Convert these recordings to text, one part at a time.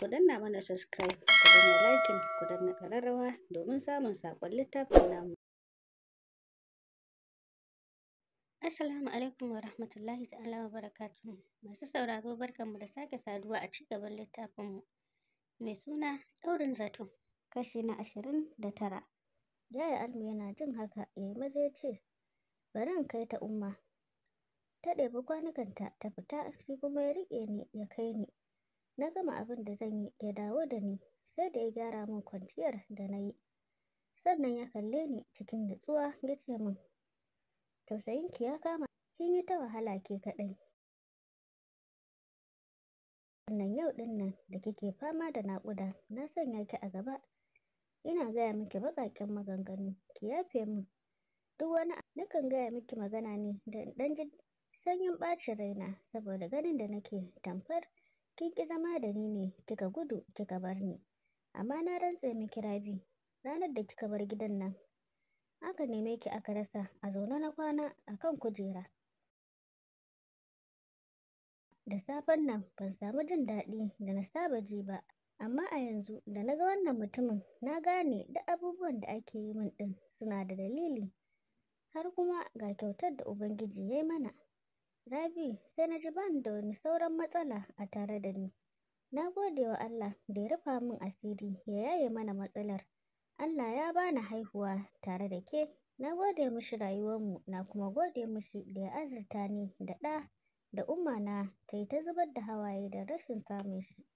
ku danna mana subscribe ku danna liking ku danna kararrawa domin samun sakon littafin namu Assalamu alaikum wa rahmatullahi ta'ala wa barakatuhu masu sauraro barkanmu da sake saduwa a ci gaban littafinmu mai suna ɗaurin zato kashi na ashirin da tara Yaya Almu yana jin haka ya maza ya bari in kai ta umma ta ɗebi kwanukanta ta fita shi kuma ya riƙe ni ya kai ni na gama abin da zan yi ya dawo da ni sai da ya gyara min kwanciyar da na yi sannan ya kalle ni cikin nutsuwa ya ce min tausayinki ya kama kin yi ta wahala ke kaɗai wannan yau ɗin nan da kike fama da naƙuda na sanya ki a gaba ina gaya miki baƙaƙen maganganu ki yafe min duk wani nakan gaya miki magana ne da ɗan ji sanyin ɓacin raina saboda ganin da nake tamfar kin ƙi zama da ni ne kika gudu kika bar ni amma na rantse miki rabi ranar da kika bar gidan nan aka neme ki aka rasa a zaune na kwana a kan kujera da safen nan ban samu jin daɗi da na saba ji ba amma a yanzu da na ga wannan mutumin na gane da abubuwan da ake yi min ɗin suna da dalili har kuma ga kyautar da ubangiji ya yi mana Rabi sai na ji ban da wani sauran matsala a tare da ni. Na gode wa Allah da ya rufa min asiri ya yaye mana matsalar. Allah ya bani haihuwa tare da ke. Na gode mishi rayuwarmu na kuma gode mishi da ya azurta ni da ɗa da umma na ta yi ta zubar da hawaye da rashin samun shi.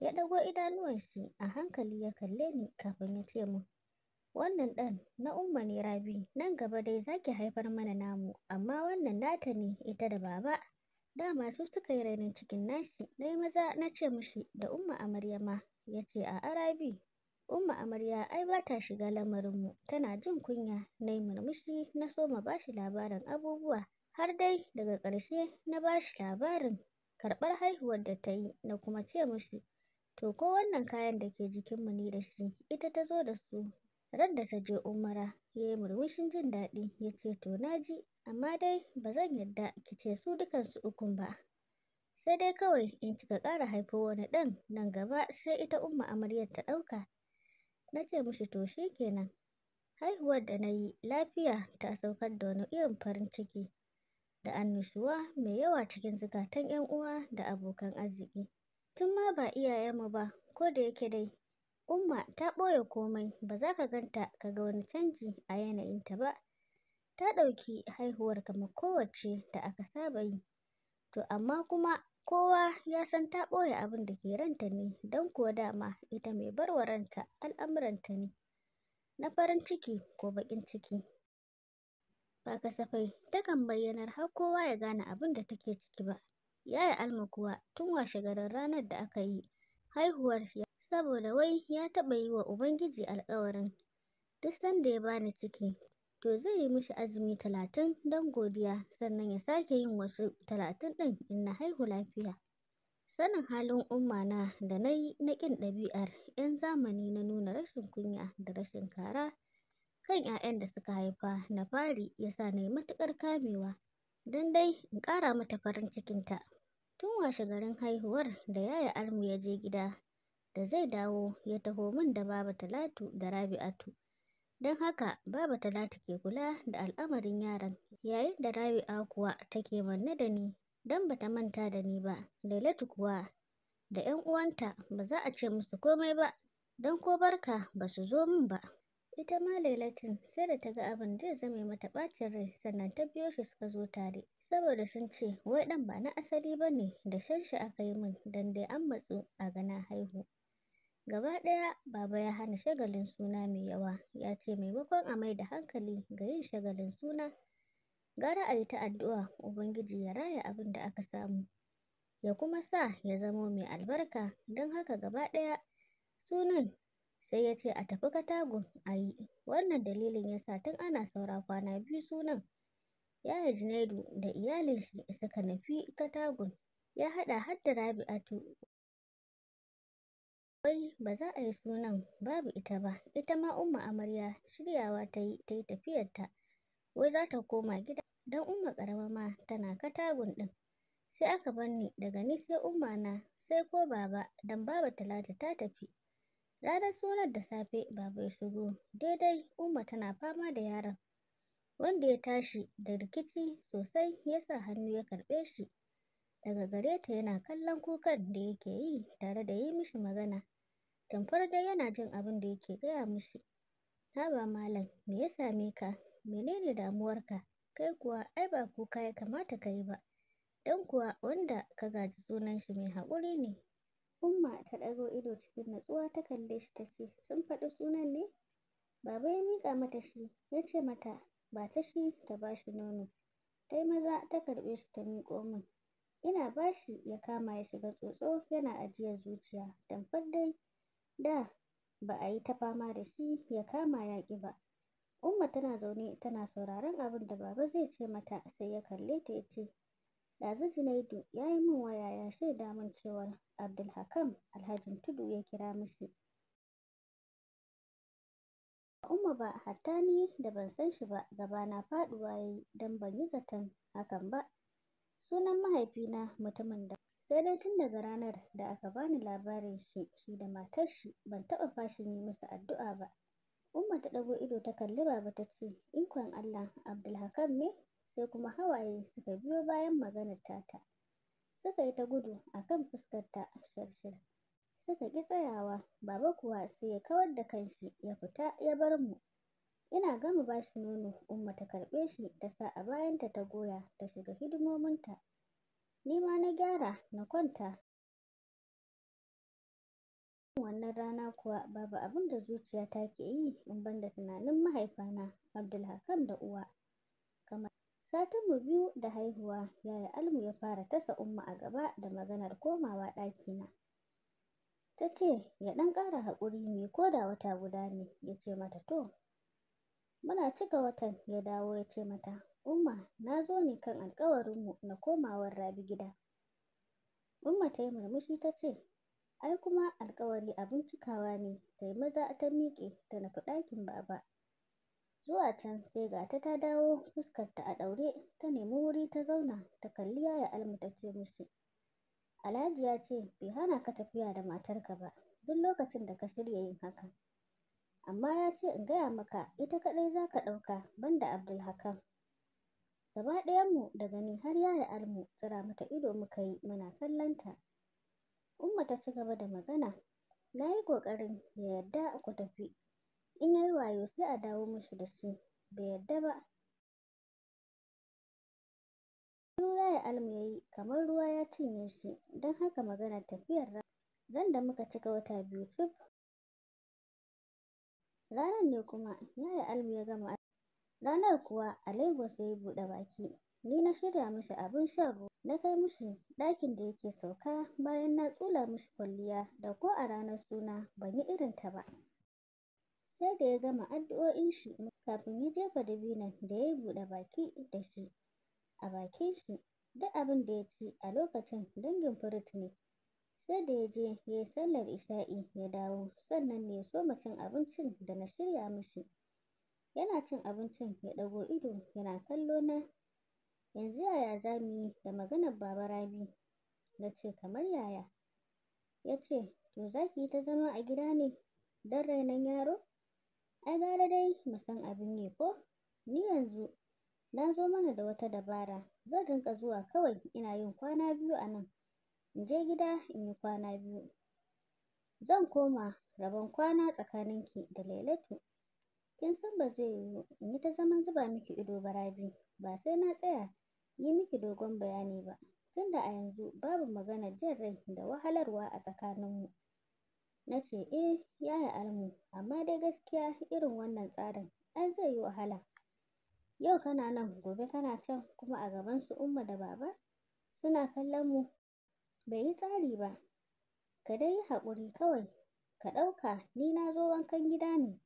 Ya ɗago idanuwan shi a hankali ya kalle ni kafin ya ce min wannan ɗan na umma ne rabi nan gaba dai zaki haifar mana namu amma wannan nata ne ita da baba dama su suka yi rainin cikin nashi na yi maza na ce mishi da umma amarya ma ya ce a umma amarya ai ba ta shiga lamarinmu tana jin kunya na yi murmushi na soma bashi labarin abubuwa har dai daga ƙarshe na bashi labarin karɓar haihuwar da ta yi na kuma ce mishi to ko wannan kayan da ke jikinmu ne da shi ita ta zo da su Ran da ta je Umara ya yi murmushin jin daɗi ya ce to na ji amma dai ba zan yarda ki ce su dukansu ukun ba. Sai dai kawai in kika ƙara haifo wani ɗan nan gaba sai ita umma amaryar ta ɗauka. Na ce mishi to shi kenan. Haihuwar da na yi lafiya ta saukar da wani irin farin ciki da annushuwa mai yawa cikin zukatan 'yan uwa da abokan arziki. Tun ma ba iyayenmu ba ko da yake dai Umma ta ɓoye komai, ba za ka ganta ka ga wani canji a yanayinta ba. Ta ɗauki haihuwar kamar kowace da aka saba yi. To amma kuma kowa ya san ta ɓoye abin da ke ranta ne don kuwa dama ita mai barwa ranta al'amuranta ne. Na farin ciki ko baƙin ciki. Ba kasafai takan bayyanar har kowa ya gane abin da take ciki ba. Yaya Alma kuwa tun washe garin ranar da aka yi haihuwar saboda wai ya taɓa yi wa Ubangiji alƙawarin duk sanda ya bani ciki to zai yi mishi azumi talatin don godiya sannan ya sake yin wasu talatin ɗin in na haihu lafiya. Sanin halin umma da na yi na ƙin ɗabi'ar 'yan zamani na nuna rashin kunya da rashin kara kan 'ya'yan da suka haifa na fari ya sa na yi matuƙar kamewa don dai in ƙara mata farin cikinta. Tun washe garin haihuwar da yaya Almu ya je gida da zai dawo ya taho min da Baba Talatu da Rabi'atu. Don haka Baba Talatu ke kula da al'amarin yaran yayin da Rabi'a kuwa take manne da ni don bata manta da ni ba. Lailatu kuwa da 'yan uwanta ba za a ce musu komai ba don ko barka ba su zo min ba. Ita ma Lailatin sai da ta ga abin zai zame mata ɓacin rai sannan ta biyo shi suka zo tare. Saboda sun ce wai ɗan ba na asali ba ne da shan shi aka yi min don dai an matsu a gana haihu. Gaba ɗaya Baba ya hana shagalin suna mai yawa, ya ce maimakon a mai da hankali ga yin shagalin suna, gara a yi ta addu'a Ubangiji ya raya abin da aka samu, ya kuma sa ya zamo mai albarka, don haka gaba ɗaya sunan sai ya ce a tafi Katagun a yi. Wannan dalilin ya sa tun ana saura kwana biyu sunan, Yaya Junaidu da iyalin shi suka nufi Katagun, ya haɗa har da Rabi'atu Wai ba za a yi sunan babu ita ba, ita ma Umma amarya shiryawa ta yi ta yi tafiyarta, wai za ta koma gida don Umma ƙarama ma tana katagun ɗin. Sai aka bar daga ni sai Umma na sai ko Baba don Baba Talatu ta tafi. Ranar sunan da safe Baba ya shigo, daidai Umma tana fama da yaron, wanda ya tashi da rikici sosai ya sa hannu ya karɓe shi. daga gare ta yana kallon kukan da yake yi tare da yi mishi magana tamfar dai yana jin abin da yake gaya mishi haba malam me ya same ka menene damuwarka kai kuwa ai ba kuka ya kamata ka yi ba dan kuwa wanda ka gaji sunan shi mai haƙuri ne umma ta ɗago ido cikin natsuwa ta kalle shi ta ce sun faɗi sunan ne baba ya miƙa mata shi ya ce mata ba ta shi ta ba shi nono Sai maza ta karɓe shi ta miƙo min Ina bashi ya kama ya shiga tsotso yana ajiyar zuciya tamkar dai da ba a yi ta fama da shi ya kama ya ƙi ba. Umma tana zaune tana sauraron abin da Baba zai ce mata sai ya kalle ta ya ce, ɗazu Junaidu ya yi min waya ya shaida min cewar Abdulhakam Alhajin Tudu ya kira mishi. Umma ba hatta ni da ban san shi ba gaba na faɗuwa ya yi don ban yi zaton hakan ba. Sunan mahaifina mutumin da sai dai tun daga ranar da aka bani labarin shi shi da matar shi ban taɓa fashin yi musu addu'a ba. Umma ta ɗago ido ta kalli baba ta ce, Ikon Allah, Abdulhakam ne? Sai kuma hawaye suka biyo bayan maganar tata. Suka yi ta gudu a kan fuskarta shirshir. Suka ƙi tsayawa, baba kuwa sai ya kawar da kanshi ya fita ya bar mu. Ina gama ba shi nono, Umma ta karɓe shi ta sa a bayanta ta goya ta shiga hidimominta. Ni ma na gyara na kwanta. Wannan rana kuwa babu abin da zuciyata ke yi in ban da tunanin mahaifana Abdulhakam da uwa. Kamar satinmu biyu da haihuwa yaya Almu ya fara tasa Umma a gaba da maganar komawa ɗakina. Ta ce ya ɗan ƙara haƙuri ne ko da wata guda ne ya ce mata to Muna cika watan ya dawo ya ce mata, Umma na zo ne kan alkawarinmu na komawar Rabi gida. Umma ta yi murmushi ta ce, Ai kuma alkawari abin cikawa ne, ta maza ta miƙe ta nufi ɗakin baba. Zuwa can sai ga ta ta dawo fuskarta a ɗaure ta nemi wuri ta zauna ta kalli yaya almu ta ce mishi. Alhaji ya ce bai hana ka tafiya da matarka ba duk lokacin da ka shirya yin hakan. amma ya ce in gaya maka ita kaɗai za ka ɗauka banda abdulhakan gaba ɗayan mu da gani har ya yaya almu tsira mata ido muka yi muna kallonta umma ta ci gaba da magana na yi ƙoƙarin ya yarda ku tafi in ya yi wayo sai a dawo mishi da shi bai yarda ba ruwa ya almu ya yi kamar ruwa ya cinye shi don haka maganar tafiyar ran da muka cika wata biyu cif Ranar ne kuma yi Almu ya gama Ranar kuwa a Lagos ya yi buɗe baki. Ni na shirya mashi abin shan ruwa, na kai mishi ɗakin da yake sauka bayan na tsula mishi kwalliya da ko a ranar suna ban yi irin ta ba. Sai da ya gama addu'o'in shi kafin ya jefa dabinon da ya yi buɗe baki da shi a bakin shi. Duk abin da ya ci a lokacin dangin furut ne. sai da ya je ya yi sallar isha'i ya dawo sannan ne ya soma cin abincin da na shirya mishi yana cin abincin ya ɗago ido yana kallo na yanzu yaya za mu yi da maganar baba rabi na ce kamar yaya ya ce to za ki yi ta zama a gida ne don rainon yaro ai gara dai mu san abin ne, ko ni yanzu na zo mana da wata dabara zan rinƙa zuwa kawai ina yin kwana biyu a nan in je gida in yi kwana biyu. Zan koma rabon kwana tsakaninki da Lailatu. Kin san ba zai yiwu in yi ta zaman zuba miki ido ba Rabi, ba sai na tsaya yi miki dogon bayani ba, tun da a yanzu babu maganar jin rai da wahalarwa a tsakaninmu. Na ce, eh, yi almu, amma dai gaskiya irin wannan tsarin ai zai yi wahala. Yau kana nan, gobe kana can, kuma a gaban su Umma da Baba suna kallon mu bai yi tsari ba ka dai yi haƙuri kawai ka ɗauka ni na zo wankan gida ne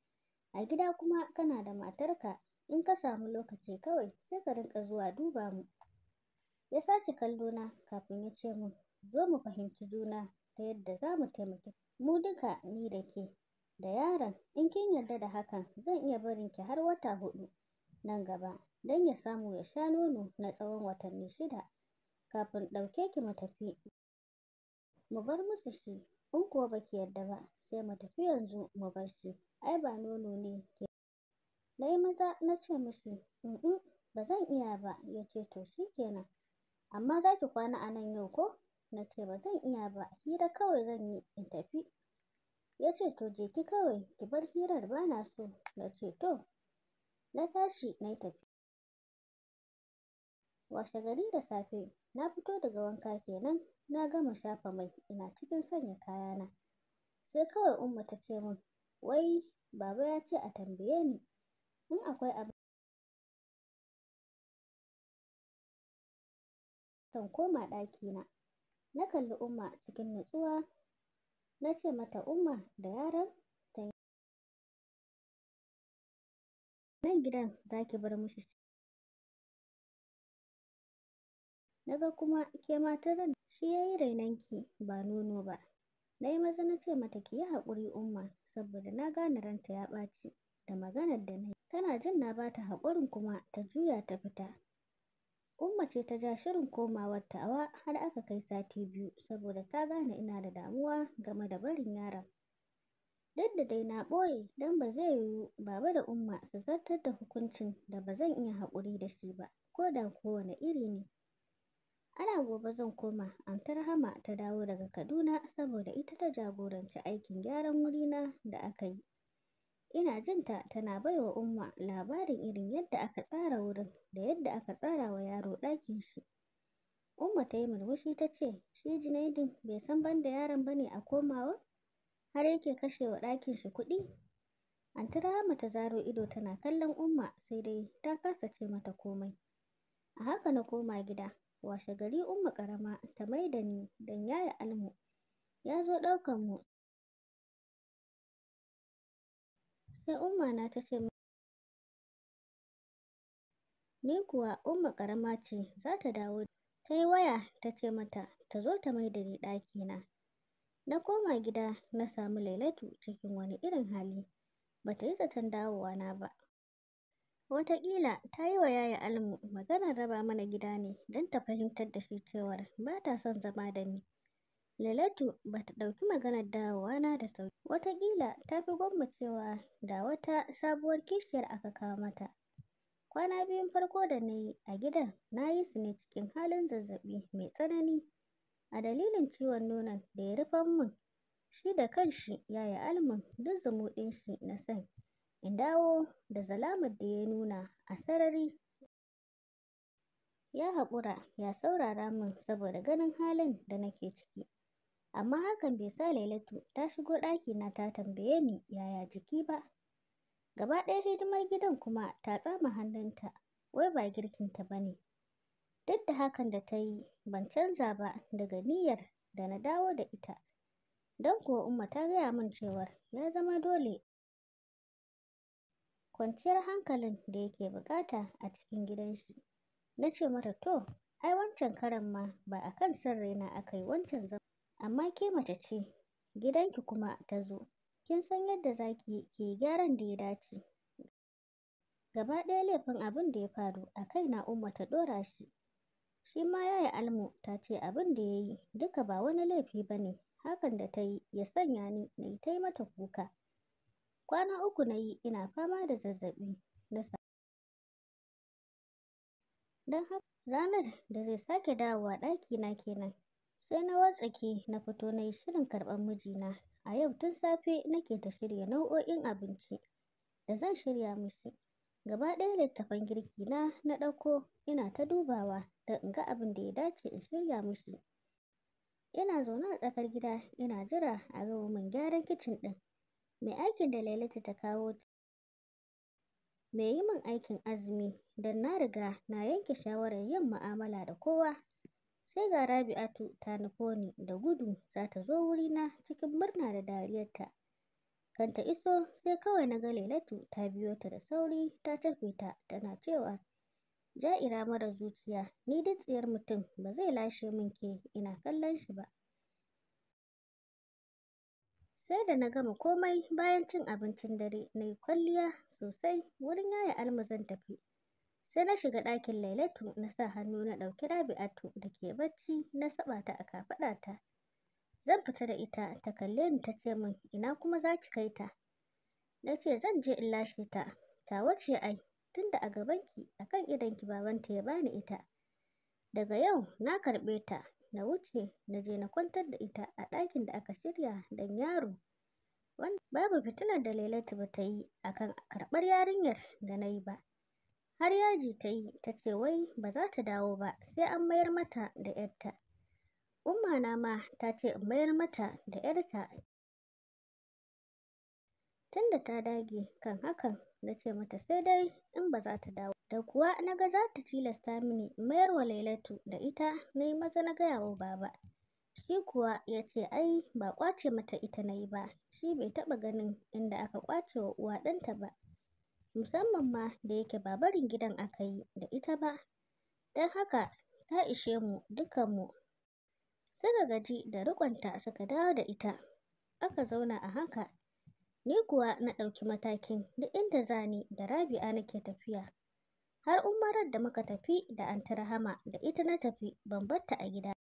a gida kuma kana da matarka in ka samu lokaci kawai sai ka rinƙa zuwa duba mu ya sace kallo na kafin ya ce min zo mu fahimci juna ta yadda za mu taimaki mu duka ni da ke da yaron in kin yarda da hakan zan iya barin ki har wata hudu. nan gaba don ya samu ya sha nono na tsawon watanni shida kafin ɗauke ki mu tafi mu bar musu shi in kuwa baki yadda yarda ba sai mu tafi yanzu mu bar shi ai ba nono ne ke na yi maza na ce mishi in ba zan iya ba ya ce to shi kenan amma za ki kwana a nan yau ko na ce ba zan iya ba hira kawai zan yi in tafi ya ce to je ki kawai ki bar hirar ba na so na ce to na tashi na yi tafi washe gari da safe na fito daga wanka kenan Na gama shafa mai ina cikin sanya kayana, sai kawai Umma ta ce min wai Baba ya ce a tambaye ni in akwai abu kan koma ɗakina. Na kalli Umma cikin nutsuwa na ce mata Umma da yaran ta yi. nan gidan za ki bar mishi na ga kuma ke ma ta shi ya yi ki ba nono ba. Na yi maza na ce mata ki yi haƙuri umma saboda na gane ranta ya ɓaci da maganar da na yi. Tana jin na bata ta haƙurin kuma ta juya ta fita. Umma ce ta ja shirin komawar tawa har aka kai sati biyu saboda ta gane ina da damuwa game da barin yaron. Duk da dai na ɓoye don ba zai yiwu baba da umma su zartar da hukuncin da ba zan iya haƙuri da shi ba ko da kowane iri ne. Ana gobe zan koma Amtar Hama ta dawo daga Kaduna saboda ita ta jagoranci aikin gyaran wurina da aka yi. Ina jin ta tana baiwa Umma labarin irin yadda aka tsara wurin da yadda aka tsara wa yaro ɗakin shi. Umma ta yi murmushi ta ce, shi Junaidin bai san banda yaron ba ne a komawa? Har yake kashe wa ɗakin shi kuɗi? Anti Hama ta zaro ido tana kallon Umma sai dai ta kasa ce mata komai. A haka na koma gida. washe gari umma ƙarama ta mai da ni don yaya almu ya zo ɗaukan mu sai umma na ta ce ni kuwa umma ƙarama ce za ta dawo ta yi waya ta ce mata ta zo ta mai da ni ɗakina na na koma gida na samu lailatu cikin wani irin hali Ba ta yi zaton dawowa na ba Wataƙila ta yi wa Yaya Almu maganar raba mana gida ne don ta fahimtar da shi cewar ba ta son zama da ni. Lalatu ba ta ɗauki maganar dawowa na da sauki. Wataƙila ta fi gwammacewa da wata sabuwar kishiyar aka kawo mata. Kwana biyun farko da na yi a gidan na yi su ne cikin halin zazzaɓi mai tsanani a dalilin ciwon nonon da ya rufen min. Shi da kanshi Yaya Almun duk zumuɗin shi na san. in dawo da zalamar da ya nuna a sarari ya haƙura ya saurara min saboda ganin halin da nake ciki amma hakan bai sa lailatu ta shigo ɗaki na ta tambaye ni yaya jiki ba gaba ɗaya hidimar gidan kuma ta tsama hannunta wai ba girkinta ba ne duk da hakan da ta yi ban canza ba daga niyyar da na dawo da ita don kuwa umma ta gaya min cewar ya zama dole kwanciyar hankalin da yake buƙata a cikin gidan shi. Na ce mata to, ai wancan karan ma ba a kan son raina aka yi wancan zama. Amma ke mace ce, gidan ki kuma ta zo, kin san yadda za ki yi gyaran da ya dace. Gaba ɗaya laifin abin da ya faru a na Umma ta ɗora shi. Shi ma yi Almu ta ce abin da ya yi duka ba wani laifi ba ne, hakan da ta yi ya sanya ni na yi ta mata kuka. Kwana uku na yi ina fama da zazzaɓi na sa. don haka ranar da zai sake dawowa ɗaki na kenan sai na watsake na fito na yi shirin karɓar mijina. A yau tun safe nake ta shirya nau'o'in abinci da zan shirya mishi. Gaba ɗaya littattafan girki na na ɗauko ina ta dubawa da in ga abin da ya dace in shirya mishi. Ina zaune a tsakar gida ina jira a gama min gyaran kicin ɗin. mai aikin da Lailatu ta kawo mai yi min aikin azumi don na riga na yanke shawarar yin mu'amala da kowa sai ga Rabi'atu ta nufo ni da gudu za ta zo wurina cikin murna da dariyarta kan ta iso sai kawai na ga Lailatu ta biyo ta da sauri ta tafe ta tana cewa ja'ira mara zuciya ni duk mutum ba zai lashe min ke ina kallon shi ba Sai da na gama komai bayan cin abincin dare na yi kwalliya sosai wurin yaya Alma tafi. Sai na shiga ɗakin Lailatu na sa hannu na ɗauki Rabi'atu da ke bacci na saba ta a kafaɗata. Zan fita da ita ta kalle ni ta ce min ina kuma za ki kai ta. Na ce zan je in lashe ta, ta wace ai tunda a gabanki a kan idonki babanta ya bani ita. Daga yau na karɓe ta na wuce na je na kwantar da ita a ɗakin da aka shirya don yaro. Babu fitinar da Lailatu ba ta yi a kan karɓar yarinyar da na yi ba. Har yaji ta yi ta ce wai ba za ta dawo ba sai an mayar mata da ‘yarta. Umma na ma ta ce in mayar mata da ‘yarta Tunda ta dage kan hakan, na ce mata sai dai in ba za ta dawo. Da kuwa na ga za ta tilasta mini mayar wa Lailatu da ita na yi maza na gaya wa baba. Shi kuwa ya ce ai ba kwace mata ita na yi ba, shi bai taɓa ganin inda aka ƙwace wa uwa ɗanta ba. Musamman ma da yake ba barin gidan aka yi da ita ba. Don haka ta ishe mu dukanmu. Suka gaji da riƙonta suka dawo da ita. Aka zauna a haka. Ni kuwa na ɗauki matakin duk inda zani da Rabi'a nake tafiya. Har umarar da muka tafi da Anti Rahama da ita na tafi ban a gida.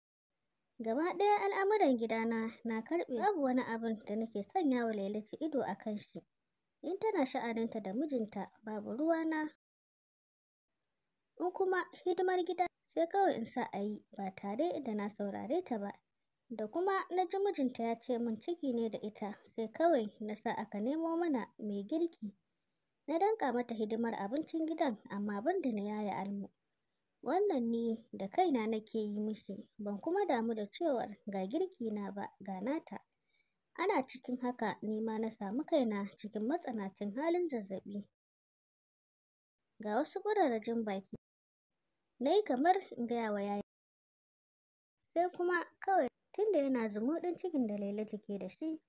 Gaba ɗaya al'amuran gidana na karɓe babu wani abin da nake sanya wa Lailaci ido a kan shi. In tana sha'aninta da mijinta babu ruwana. In kuma hidimar gida sai kawai in sa a yi ba tare da na saurare ta ba da kuma na ji mijinta ya ce min ciki ne da ita sai kawai na sa aka nemo mana mai girki na danka mata hidimar abincin gidan amma ban da na yaya almu wannan ni da kaina nake yi mishi ban kuma damu da cewar ga girki na ba ga nata ana cikin haka ni ma na samu kaina cikin matsanancin halin zazzabi ga wasu ƙurarrajin baki na yi kamar in gaya wa yaya sai kuma kawai tunda yana ɗin cikin da Laila take da shi,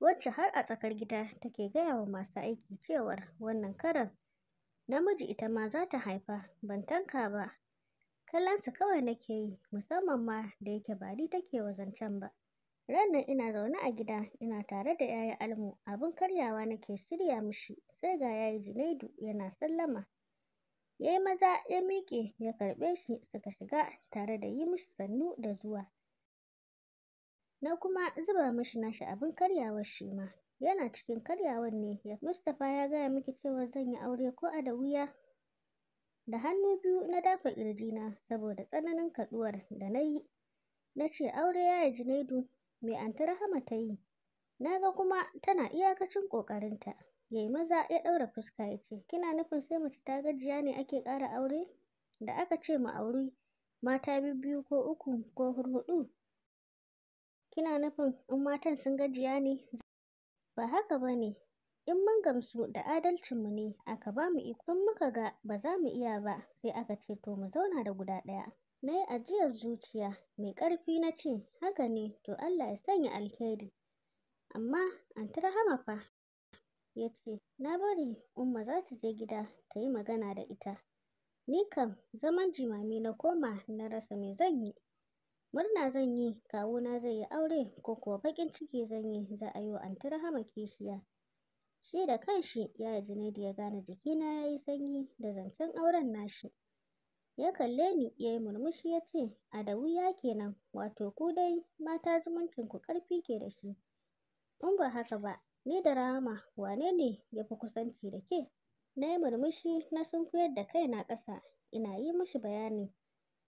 wacce har a tsakar gida take gaya wa masu aiki cewar wannan karan namiji ita ma za ta haifa ban tanka ba. su kawai nake yi musamman ma da yake ba ni take wa zancen ba. Rannan ina zaune a gida ina tare da yaya almu abin karyawa nake shirya mishi sai ga yayi junaidu yana sallama. yayi maza ya miƙe ya karɓe shi suka shiga tare da yi mishi sannu da zuwa. na kuma zuba mashi nashi abin karyawar shi ma yana cikin karyawar ne ya mustapha ya gaya miki cewa zan yi aure ko a da wuya da hannu biyu na dafa na saboda tsananin kaduwar da na yi na ce aure ya yi junaidu mai Anta rahama ta yi na ga kuma tana iyakacin ƙoƙarinta ya yi maza ya ɗaura fuska ya ce kina nufin sai mace ta gajiya ne ake ƙara aure da aka ce mu auri mata biyu ko uku ko hurhuɗu Kina nufin in matan sun gajiya ne? Ba haka ba ne, in mun gamsu da adalcinmu ne aka ba mu iko muka ga ba za mu iya ba sai aka ce to mu zauna da guda ɗaya. Na yi ajiyar zuciya mai ƙarfi na ce haka ne to Allah ya sanya alheri. Amma Anti Rahama fa ya ce na bari Umma za ta je gida ta yi magana da ita. Ni kam zaman jimami na koma na rasa mai zan yi. murna zan yi kawuna zai yi aure ko kuwa baƙin ciki zan yi za a yi wa anti rahama kishiya shi da kanshi yaya da ya gane jikina ya yi sanyi da zancen auren nashi ya kalle ni ya yi murmushi ya ce a da wuya kenan wato ku dai mata zumuncin ku ƙarfi ke da shi in ba haka ba ni da rahama wane ne ya fi kusanci da ke na yi murmushi na sunkuyar da kaina ƙasa ina yi mishi bayani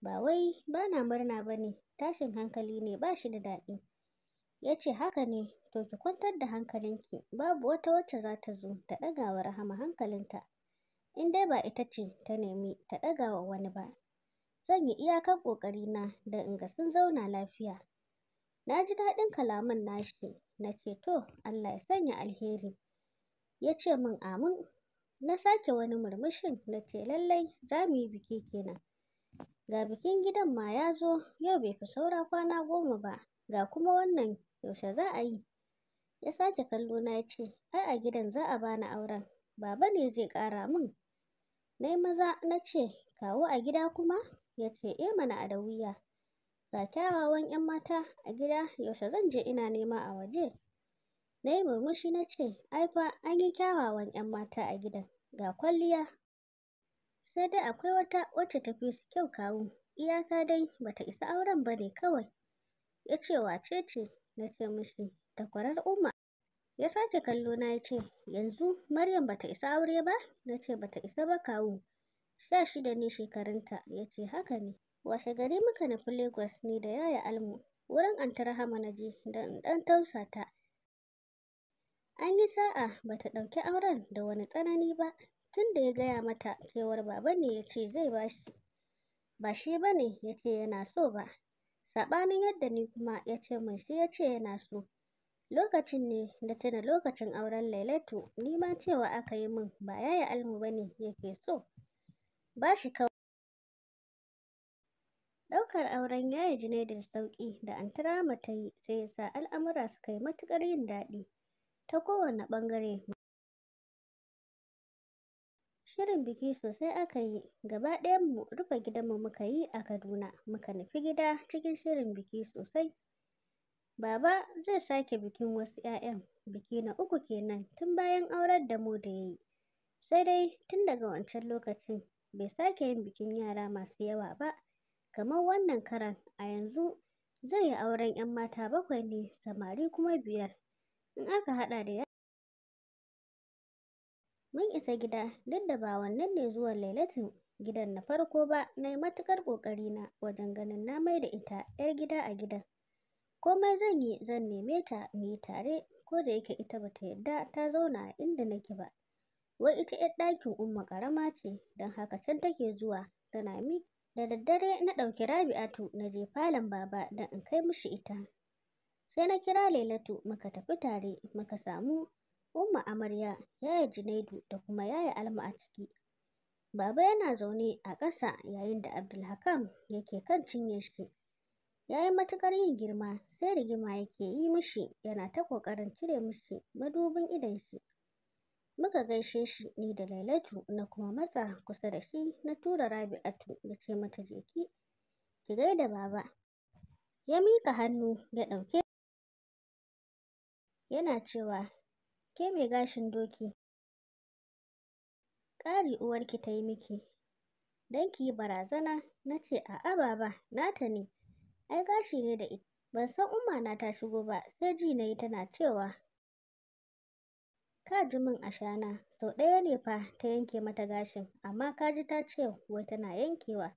ba wai ba na murna ba ne tashin hankali ne ba shi da daɗi ya ce haka ne to ki kwantar da hankalinki babu wata wacce za ta zo ta ɗaga wa rahama hankalinta in dai ba ita ce ta nemi ta ɗaga wa wani ba zan yi iyakar ƙoƙarina da in ga sun zauna lafiya na ji daɗin kalaman nashi na ce to Allah ya sanya alheri ya ce min amin na sake wani murmushin na ce lallai za mu yi biki kenan Ga bikin gidan ma ya zo, yau bai fi saura kwana goma ba, ga kuma wannan yaushe za a yi? Ya sake kallo na ya ce, ai a gidan za a bani auren, baba ne zai ƙara min. Na yi maza na ce, kawo a gida kuma? Ya ce, e mana a da wuya. Ga kyawawan 'yan mata a gida yaushe zan je ina nema a waje? Na yi murmushi na ce, ai fa an yi kyawawan 'yan mata a gidan, ga kwalliya sai dai akwai wata wacce ta fi su kyau kawu iyaka dai ba ta isa auren ba ne kawai ya ce wace ce na ce mishi takwarar umma ya sake kallo na ya ce yanzu maryam ba ta isa aure ba na ce ba ta isa ba kawu sha shida ne shekarunta ya ce haka ne washe gari muka nufi lagos ne da yaya almu wurin antarahama na je da ɗan tausata an yi sa'a ba ta ɗauki auren da wani tsanani ba tun da ya gaya mata cewar baba ne ya ce zai ba shi ba shi ba ne ya ce yana so ba saɓanin yadda ni kuma ya ce min shi ya ce yana so lokacin ne da tuna lokacin auren lailatu ni ma cewa aka yi min ba ya yi almu ba ne yake so ba shi kawai ɗaukar auren ya yaya da sauƙi da tara mata yi sai ya sa al'amura suka yi matuƙar yin daɗi ta kowane ɓangare Shirin biki sosai aka yi, gaba ɗayan mu rufe gidanmu muka yi a Kaduna, muka nufi gida cikin shirin biki sosai. Baba zai sake bikin wasu 'ya'yan, biki na uku kenan tun bayan aurar da mu da yayi Sai dai tun daga wancan lokacin bai sake yin bikin yara masu yawa ba, kamar wannan karan a yanzu zai yi auren 'yan mata bakwai ne samari kuma biyar, in aka haɗa da Mun isa gida duk da ba wannan ne zuwan Lailatin gidan na farko ba na yi matuƙar na wajen ganin na mai da ita 'yar gida a gidan. Komai zan yi zan neme ta mu yi tare ko da yake ita ba ta yarda ta zauna a inda nake ba. Wai ita 'yar ɗakin Umma ƙarama ce don haka can take zuwa tana mi da daddare na ɗauki Rabi'atu na je falon baba don in kai mishi ita. Sai na kira Lailatu muka tafi tare muka samu umma amarya yaya junaidu da kuma yaya alma a ciki baba yana zaune a ƙasa yayin da abdulhakam yake kan cinye shi ya yi matuƙar yin girma sai rigima yake yi mishi yana ta ƙoƙarin cire mishi madubin idon shi muka gaishe shi ni da lailatu na kuma matsa kusa da shi na tura rabi'atu na ce mata jeki ki gaida baba ya miƙa hannu ya ɗauke yana cewa Ke mai gashin doki, ƙari uwarki ta yi miki, don ki yi barazana na ce a'a baba nata ne, ai gashi ne da ita. Ban san ummana ta shigo ba sai ji na yi tana cewa ka ji min ashana sau ɗaya ne fa ta yanke mata gashin amma ka ji ta ce wai tana yankewa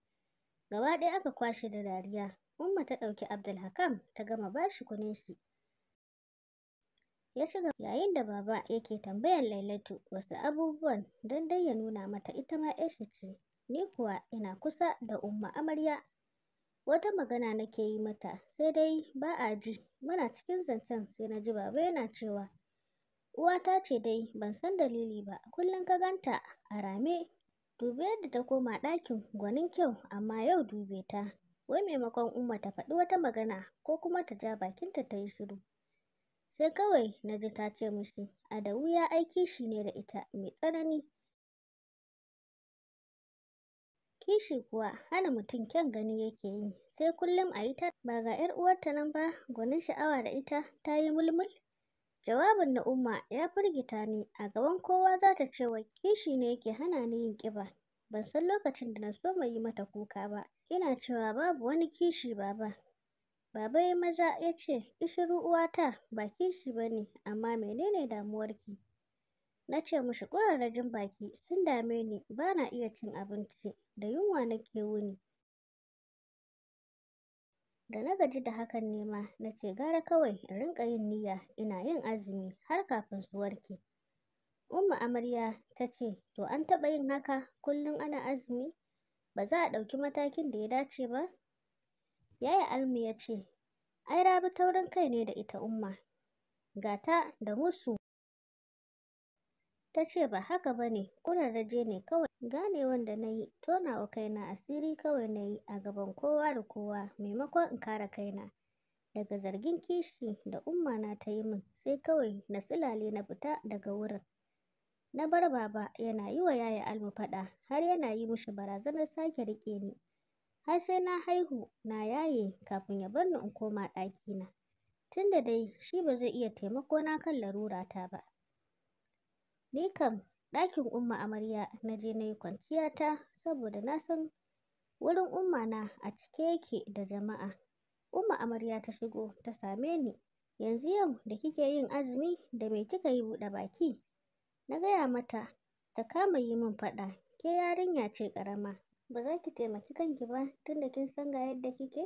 gaba ɗaya aka kwashe da dariya umma ta ɗauki abdulhakam ta gama bashi kunin shi ya shiga yayin da baba yake tambayar Lailatu wasu abubuwan don dai ya nuna mata ita ma ce ni kuwa ina kusa da umma amarya wata magana nake yi mata sai dai ba a ji muna cikin zancen sai na ji baba yana cewa uwata ce dai ban san dalili ba kullum ka ganta a rame dubi yadda ta koma ɗakin gwanin kyau amma yau dube ta wai maimakon umma ta faɗi wata magana ko kuma ta ja bakinta ta yi shiru sai kawai na ji ta ce mishi adawu ya aiki shi ne da ita mai tsanani kishi kuwa hana mutum kyan gani yake yi sai kullum a yi ta ba ga 'yar uwarta nan ba gwanin sha'awa da ita ta yi mulmul Jawabin na Umma ya firgita ni a gaban kowa za ta ce wa kishi ne yake hana ni yin ƙiba. Ban san lokacin da na so mai yi mata kuka ba, ina cewa babu wani kishi baba, Baba ya maza ya ce, Ishiru uwata ba kishi ba ne, amma menene damuwarki? Na ce mushi ƙurarrajin baki sun dame ni ba na iya cin abinci da yunwa nake wuni. Da na gaji da hakan nema na ce gara kawai in rinka yin niyya ina yin azumi har kafin su warke. Umma amarya ta ce, To an taɓa yin haka kullum ana azumi? Ba za a ɗauki matakin da ya dace ba? Yaya Almu ya ce, Ai Rabi taurin kai ne da ita Umma, gata da musu. Ta ce ba haka ba ne, ƙurarraje ne kawai. Gane wanda na yi, tona kai na asiri kawai na yi a gaban kowa da kowa maimakon in kare na. Daga zargin kishi da Umma na ta yi min, sai kawai na silale na fita daga wurin. Na bar baba yana yi wa yaya almu faɗa har yana yi mushi barazanar sake riƙe ni har sai na haihu na yaye kafin ya bar ni in koma ɗakina, tunda dai shi ba zai iya na kan larurata ba. Ni kam ɗakin umma amarya na je na yi kwanciyata saboda na san wurin umma na a cike yake da jama'a. Umma amarya ta shigo ta same ni, yanzu yau da kike yin azumi da me kika yi buɗe baki? Na gaya mata ta kama yi min faɗa, ke yarinya ce ƙarama. ba za ki taimaki kanki ba tunda kin san ga yadda kike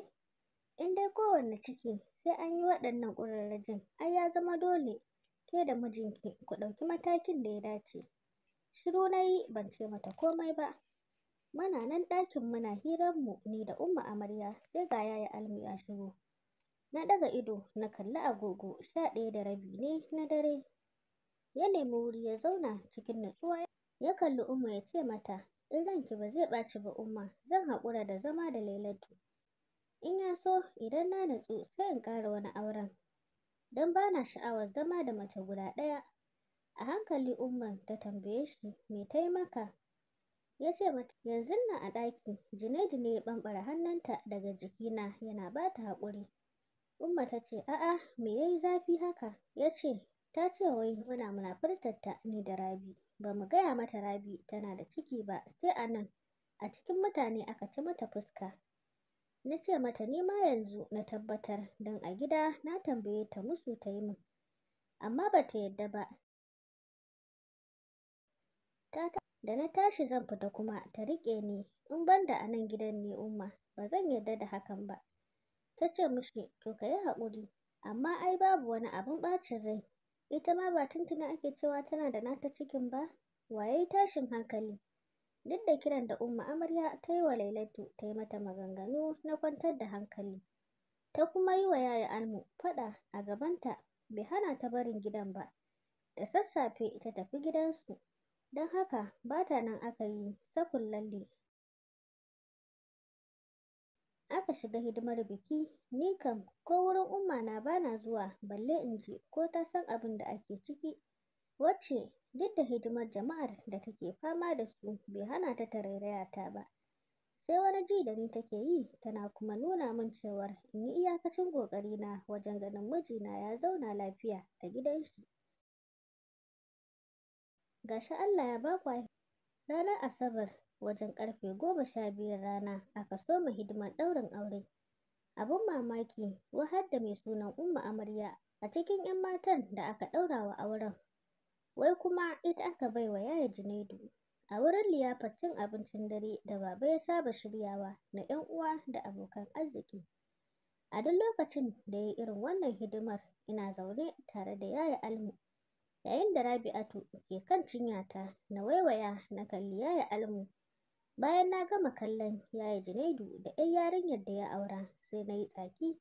in dai kowanne ciki sai an yi waɗannan ƙurarrajin ai ya zama dole ke da mijinki ku ɗauki matakin da ya dace shiru na yi ban ce mata komai ba muna nan ɗakin muna mu ni da umma amarya sai ga yaya almi ya shigo na ɗaga ido na kalli agogo sha ɗaya da rabi ne na dare ya nemi wuri ya zauna cikin natsuwa ya kalli umma ya ce mata in ki ba zai ɓaci ba umma zan haƙura da zama da lailatu in ya so idan na natsu sai in ƙara wani auren don ba na sha'awar zama da mace guda ɗaya a hankali umman ta tambaye shi me ta yi maka ya ce mata yanzu nan a ɗaki Junaidu ne ya ɓamɓara hannunta daga jikina yana ba ta haƙuri umma ta ce a'a me ya yi zafi haka ya ce ta ce wai muna munafurtarta ni da rabi ba mu gaya mata rabi tana da ciki ba sai a nan a cikin mutane aka ci mata fuska na ce mata ni ma yanzu na tabbatar don a gida na tambaye ta musu ta yi min amma ba ta yadda ba da na tashi zan fita kuma ta riƙe ni in banda a nan gidan ne umma ba zan yadda da hakan ba ta ce mushi to ka yi haƙuri amma ai babu wani abin ɓacin rai ita ma ba tuntuna ake cewa tana da nata cikin ba waye tashin hankali duk da kiran da umma amarya ta yi wa lailatu ta yi mata maganganu na kwantar da hankali ta kuma yi wa yaya almu faɗa a gabanta bai hana ta barin gidan ba da sassafe ta tafi gidansu don haka ba ta nan aka yi sakun lalle aka shiga hidimar biki, ni kam ko wurin umma na bana zuwa balle in ji ko ta san abin da ake ciki, wacce duk da hidimar jama'ar da take fama da su bai hana ta tarairaya ta ba. Sai wani ji da ni take yi tana kuma nuna min cewar in yi iyakacin na wajen ganin mijina ya zauna lafiya a gidan shi. Gashi Allah ya ba ranar Asabar wajen karfe goma sha biyun rana aka soma hidimar ɗaurin aure Abin mamaki wahar da mai sunan umma amarya a cikin 'yan matan da aka ɗaura wa auren wai kuma ita aka bai wa yaya junaidu a wurin liyafar cin abincin dare da baba ya saba shiryawa na 'yan uwa da abokan arziki a duk lokacin da ya irin wannan hidimar ina zaune tare da yaya almu yayin da rabi'atu ke kan cinyata na waiwaya na kalli yaya almu Bayan na gama kallon yaya Junaidu da 'yar yarinyar da ya aura sai na yi tsaki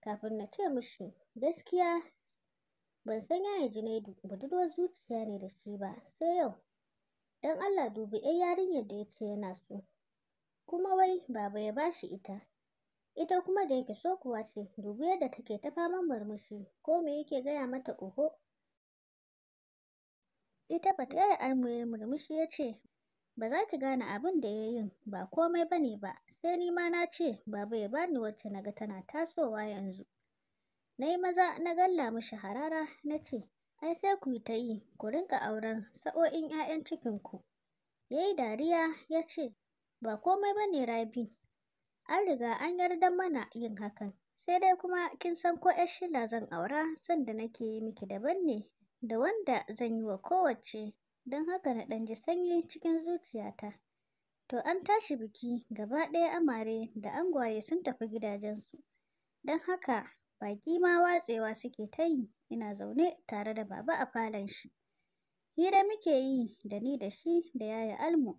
kafin na ce mishi gaskiya ban san yaya Junaidu budurwar zuciya ne da shi ba sai yau. dan Allah dubi 'yar yarinyar da ya ce yana so. Kuma wai baba ya bashi ita. Ita kuma da yake so kuwa ce dubi yadda take ta faman murmushi ko me yake gaya mata oho. Ita ba ta yaya armu murmushi ya ce ba za ki gane abin da ya yin ba komai ba ne ba sai ni ma na ce babu ya bani wacce na ga tana tasowa yanzu na yi maza na galla mishi harara na ce ai sai ku yi ta yi ku rinka auren sa'o'in 'ya'yan cikinku ya yi dariya ya ce ba komai ba ne rabi an riga an yarda mana yin hakan sai dai kuma kin san ko 'yar shila zan aura sanda nake yi miki daban ne da wanda zan yi wa kowacce don haka na ɗan ji sanyi cikin zuciyata. To an tashi biki gaba ɗaya amare da angwaye sun tafi gidajensu, don haka baƙi ma watsewa suke ta yi ina zaune tare da baba a falon shi. Hira muke yi da ni da shi da yaya Almu.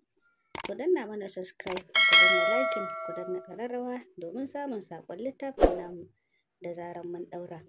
Ku danna mana subscribe, ku danna likin, ku danna ƙararrawa domin samun saƙon littafin namu da zaran mun ɗaura.